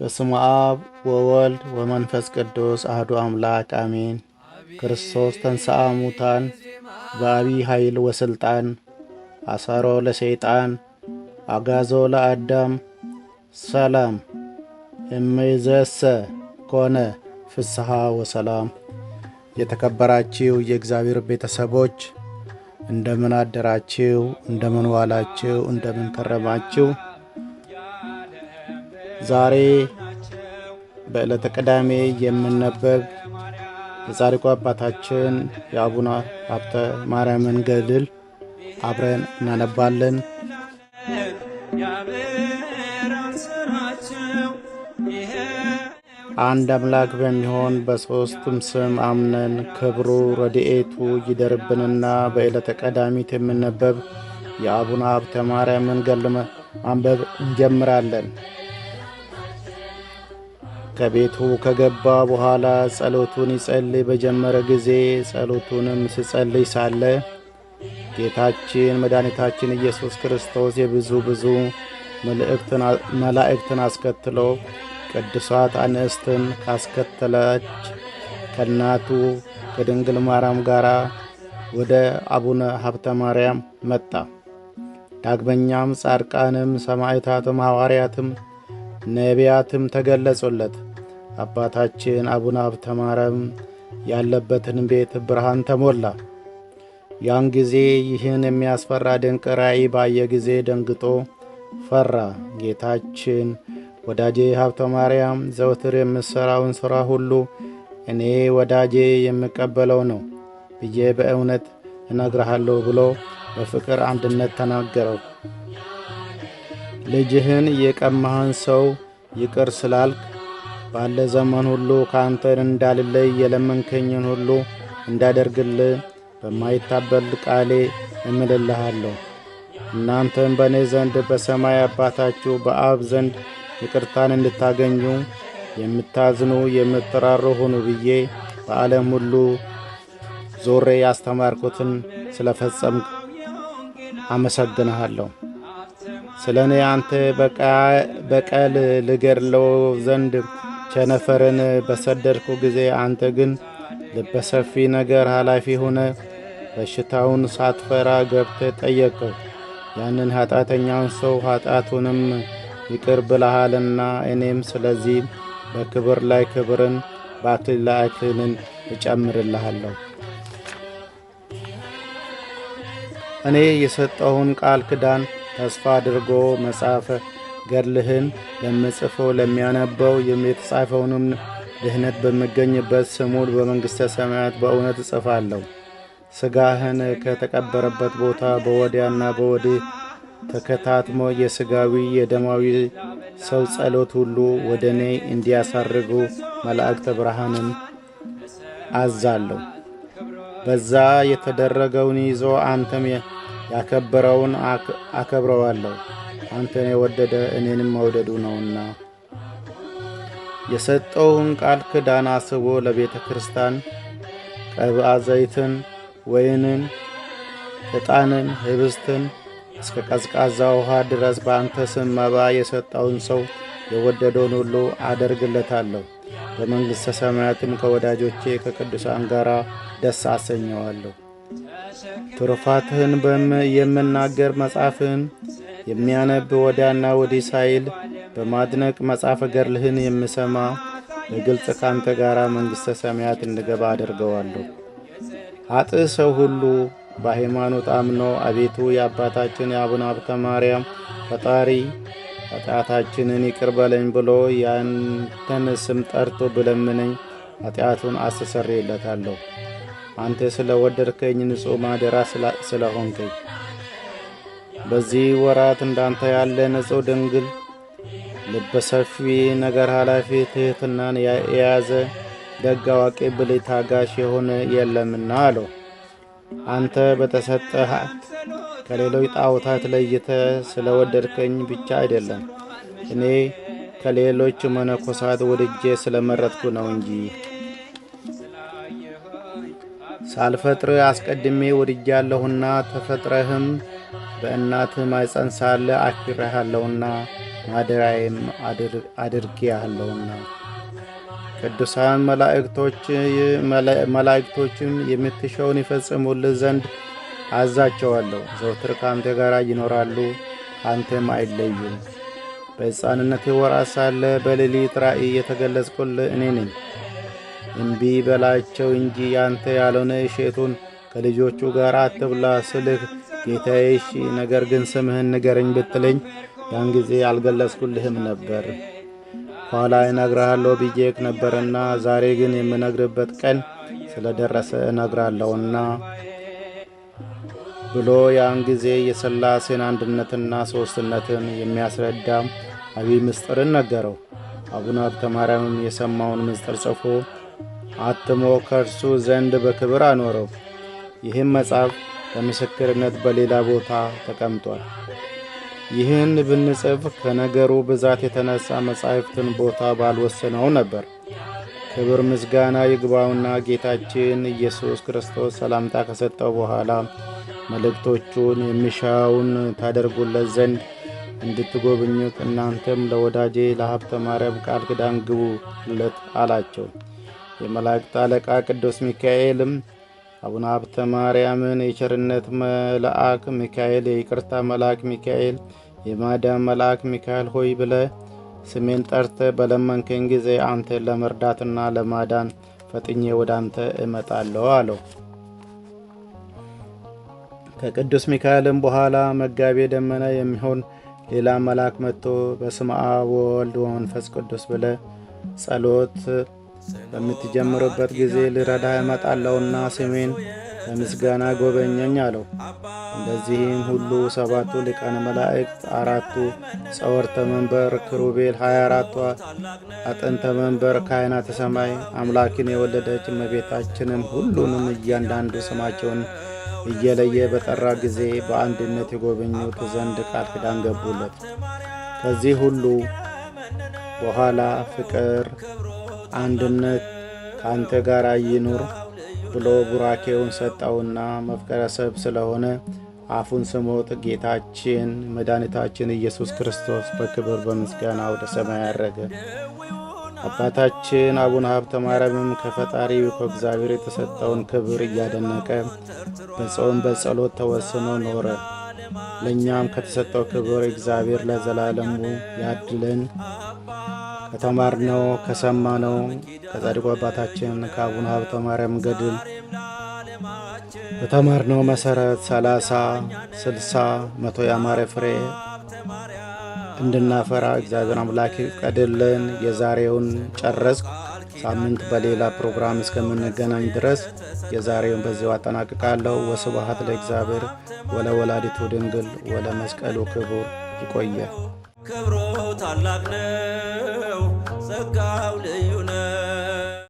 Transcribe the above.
በስሙ አብ ወወልድ ወመንፈስ ቅዱስ አህዱ አምላክ አሜን። ክርስቶስ ተንሥአ ሙታን በአቢይ ኃይል ወስልጣን አሰሮ ለሰይጣን አጋዞ ለአዳም ሰላም እምይእዜሰ ኮነ ፍስሐ ወሰላም። የተከበራችሁ የእግዚአብሔር ቤተሰቦች እንደምን አደራችሁ? እንደምን ዋላችሁ? እንደምን ከረማችሁ? ዛሬ በዕለተ ቅዳሜ የምነበብ የጻድቁ አባታችን የአቡነ ሀብተ ማርያምን ገድል አብረን እናነባለን። አንድ አምላክ በሚሆን በሦስቱም ስም አምነን ክብሩ ረድኤቱ ይደርብንና በዕለተ ቀዳሚት የምነበብ የአቡነ ሀብተ ማርያምን ገድል ማንበብ እንጀምራለን። ከቤቱ ከገባ በኋላ ጸሎቱን ይጸልይ በጀመረ ጊዜ ጸሎቱንም ስጸልይ ሳለ ጌታችን መድኃኒታችን ኢየሱስ ክርስቶስ የብዙ ብዙ መላእክትን አስከትሎ ቅዱሳት አንስትን ካስከተለች ከእናቱ ከድንግል ማርያም ጋር ወደ አቡነ ሀብተ ማርያም መጣ። ዳግመኛም ጻድቃንም ሰማዕታትም ሐዋርያትም ነቢያትም ተገለጹለት። አባታችን አቡነ ሀብተማረም ያለበትን ቤት ብርሃን ተሞላ። ያን ጊዜ ይህን የሚያስፈራ ድንቅ ራእይ ባየ ጊዜ ደንግጦ ፈራ። ጌታችን ወዳጄ ሀብተ ማርያም ዘውትር የምሠራውን ሥራ ሁሉ እኔ ወዳጄ የምቀበለው ነው ብዬ በእውነት እነግርሃለሁ ብሎ በፍቅር አንድነት ተናገረው። ልጅህን የቀማህን ሰው ይቅር ስላልክ ባለ ዘመን ሁሉ ካንተን እንዳልለይ የለመንከኝን ሁሉ እንዳደርግልህ በማይታበል ቃሌ እምልልሃለሁ። እናንተም በእኔ ዘንድ በሰማይ አባታችሁ በአብ ዘንድ ይቅርታን እንድታገኙ የምታዝኑ የምትራሩ ሁኑ ብዬ በዓለም ሁሉ ዞሬ ያስተማርኩትን ስለ ፈጸምክ አመሰግንሃለሁ። ስለ እኔ አንተ በቀል ልገድለው ዘንድ ቸነፈርን በሰደድኩ ጊዜ አንተ ግን ልበሰፊ ነገር ኃላፊ ሆነ በሽታውን ሳትፈራ ገብተ ጠየቀው። ያንን ኃጢአተኛውን ሰው ኃጢአቱንም ይቅር ብለሃልና እኔም ስለዚህ በክብር ላይ ክብርን በአክሊል ላይ አክሊልን እጨምርልሃለሁ። እኔ የሰጠውን ቃል ክዳን ተስፋ አድርጎ መጻፈህ ገድልህን ለምጽፈው ለሚያነበው የተጻፈውንም ድህነት በምገኝበት ስሙን በመንግሥተ ሰማያት በእውነት እጽፋለሁ። ሥጋህን ከተቀበረበት ቦታ በወዲያና በወዲህ ተከታትሞ የሥጋዊ የደማዊ ሰው ጸሎት ሁሉ ወደ እኔ እንዲያሳርጉ መላእክተ ብርሃንን አዛለሁ። በዛ የተደረገውን ይዞ አንተም ያከበረውን አከብረዋለሁ። አንተን የወደደ እኔንም መውደዱ ነውና የሰጠውን ቃል ክዳን አስቦ ለቤተ ክርስቲያን ቀብአ ዘይትን፣ ወይንን፣ ዕጣንን፣ ህብስትን እስከ ቀዝቃዛ ውሃ ድረስ በአንተ ስም መባ የሰጠውን ሰው የወደደውን ሁሉ አደርግለታለሁ። በመንግሥተ ሰማያትም ከወዳጆቼ ከቅዱሳን ጋር ደስ አሰኘዋለሁ። ትሩፋትህን የምናገር መጽሐፍህን የሚያነብ ወዲያና ወዲህ ሳይል በማድነቅ መጽሐፈ ገርልህን የምሰማ በግልጽ ካንተ ጋር መንግሥተ ሰማያት እንድገባ አደርገዋለሁ። ኃጥእ ሰው ሁሉ በሃይማኖት አምኖ አቤቱ የአባታችን የአቡነ ሀብተ ማርያም ፈጣሪ ኃጢአታችንን ይቅር በለኝ ብሎ ያንተን ስም ጠርቶ ብለምነኝ ኃጢአቱን አስተሰርይለታለሁ። አንተ ስለ ወደድከኝ ንጹሕ ማደራ ስለሆንከኝ በዚህ ወራት እንዳንተ ያለ ንጹሕ ድንግል ልበሰፊ ነገር ኃላፊ ትሕትናን የያዘ ደግ አዋቂ ብልህ ታጋሽ የሆነ የለምና አለው። አንተ በተሰጠህ ከሌሎች ጣዖታት ለይተ ስለ ወደድከኝ ብቻ አይደለም፣ እኔ ከሌሎች መነኮሳት ወድጄ ስለ መረጥኩ ነው እንጂ። ሳልፈጥር አስቀድሜ ወድጃለሁና ተፈጥረህም በእናትህ ማይፀን ሳለ አክብረሃለውና ማደሪያዬም አድርጌያለውና ቅዱሳን መላእክቶችም የምትሻውን ይፈጽሙልህ ዘንድ አዛቸዋለሁ። ዘውትር ከአንተ ጋር ይኖራሉ፣ አንተም አይለዩም። በሕፃንነት ወራ ሳለ በሌሊት ራእይ የተገለጽኩልህ እኔ ነኝ። እምቢ በላቸው እንጂ ያንተ ያልሆነ እሸቱን ከልጆቹ ጋር አትብላ ስልህ ጌታዬ እሺ፣ ነገር ግን ስምህን ንገረኝ ብትለኝ ያን ጊዜ አልገለጽኩልህም ነበር ኋላ እነግርሃለሁ ብዬህ ነበርና ዛሬ ግን የምነግርበት ቀን ስለደረሰ እነግራለሁና ብሎ ያን ጊዜ የሥላሴን አንድነትና ሦስትነትን የሚያስረዳ አብይ ምስጢርን ነገረው። አቡነ ሀብተ ማርያምም የሰማውን ምስጢር ጽፎ አትሞ ከእርሱ ዘንድ በክብር አኖረው። ይህም መጽሐፍ ለምስክርነት በሌላ ቦታ ተቀምጧል። ይህን ብንጽፍ ከነገሩ ብዛት የተነሳ መጻሕፍትን ቦታ ባልወሰነው ነበር። ክብር ምስጋና ይግባውና ጌታችን ኢየሱስ ክርስቶስ ሰላምታ ከሰጠው በኋላ መልእክቶቹን የሚሻውን ታደርጉለት ዘንድ እንድትጎብኙት እናንተም ለወዳጄ ለሀብተ ማርያም ቃል ኪዳን ግቡለት አላቸው። የመላእክት አለቃ ቅዱስ ሚካኤልም አቡነ ሀብተ ማርያምን የቸርነት መልአክ ሚካኤል፣ የይቅርታ መልአክ ሚካኤል፣ የማዳን መልአክ ሚካኤል ሆይ ብለ ስሜን ጠርተ በለመንከኝ ጊዜ አንተ ለመርዳትና ለማዳን ፈጥኜ ወደ አንተ እመጣለሁ አለው። ከቅዱስ ሚካኤልም በኋላ መጋቤ ደመና የሚሆን ሌላ መልአክ መጥቶ በስመ አብ ወወልድ ወመንፈስ ቅዱስ ብለ ጸሎት በምትጀምርበት ጊዜ ልረዳ እመጣለሁና ስሜን በምስጋና ጎበኘኝ አለው። እንደዚህም ሁሉ ሰባቱ ሊቃነ መላእክት፣ አራቱ ጸወርተ መንበር ክሩቤል፣ 24 አራቷ አጥንተ መንበር ካህናተ ሰማይ፣ አምላክን የወለደች እመቤታችንም ሁሉንም እያንዳንዱ ስማቸውን እየለየ በጠራ ጊዜ በአንድነት የጎበኙት ዘንድ ቃል ኪዳን ገቡለት። ከዚህ ሁሉ በኋላ ፍቅር አንድነት ከአንተ ጋር ይኑር ብሎ ቡራኬውን ሰጠውና መፍቀረ ሰብ ስለሆነ አፉን ስሞጥ ጌታችን መድኃኒታችን ኢየሱስ ክርስቶስ በክብር በምስጋና ወደ ሰማይ አረገ። አባታችን አቡነ ሀብተ ማርያምም ከፈጣሪው ከእግዚአብሔር የተሰጠውን ክብር እያደነቀ በጾም በጸሎት ተወስኖ ኖረ። ለእኛም ከተሰጠው ክብር እግዚአብሔር ለዘላለሙ ያድለን። ከተማርነው ከሰማነው ከጻድቁ አባታችን ከአቡነ ሀብተ ማርያም ገድል በተማርነው መሰረት ሰላሳ ስልሳ መቶ ያማረ ፍሬ እንድናፈራ እግዚአብሔር አምላክ ቀድልን የዛሬውን ጨረስኩ። ሳምንት በሌላ ፕሮግራም እስከምንገናኝ ድረስ የዛሬውን በዚሁ አጠናቅቃለሁ። ወስብሐት ለእግዚአብሔር ወለወላዲቱ ድንግል ወለመስቀሉ ክቡር። ይቆያል። ክብሮ ታላቅ ነው፣ ጸጋው ልዩ ነው።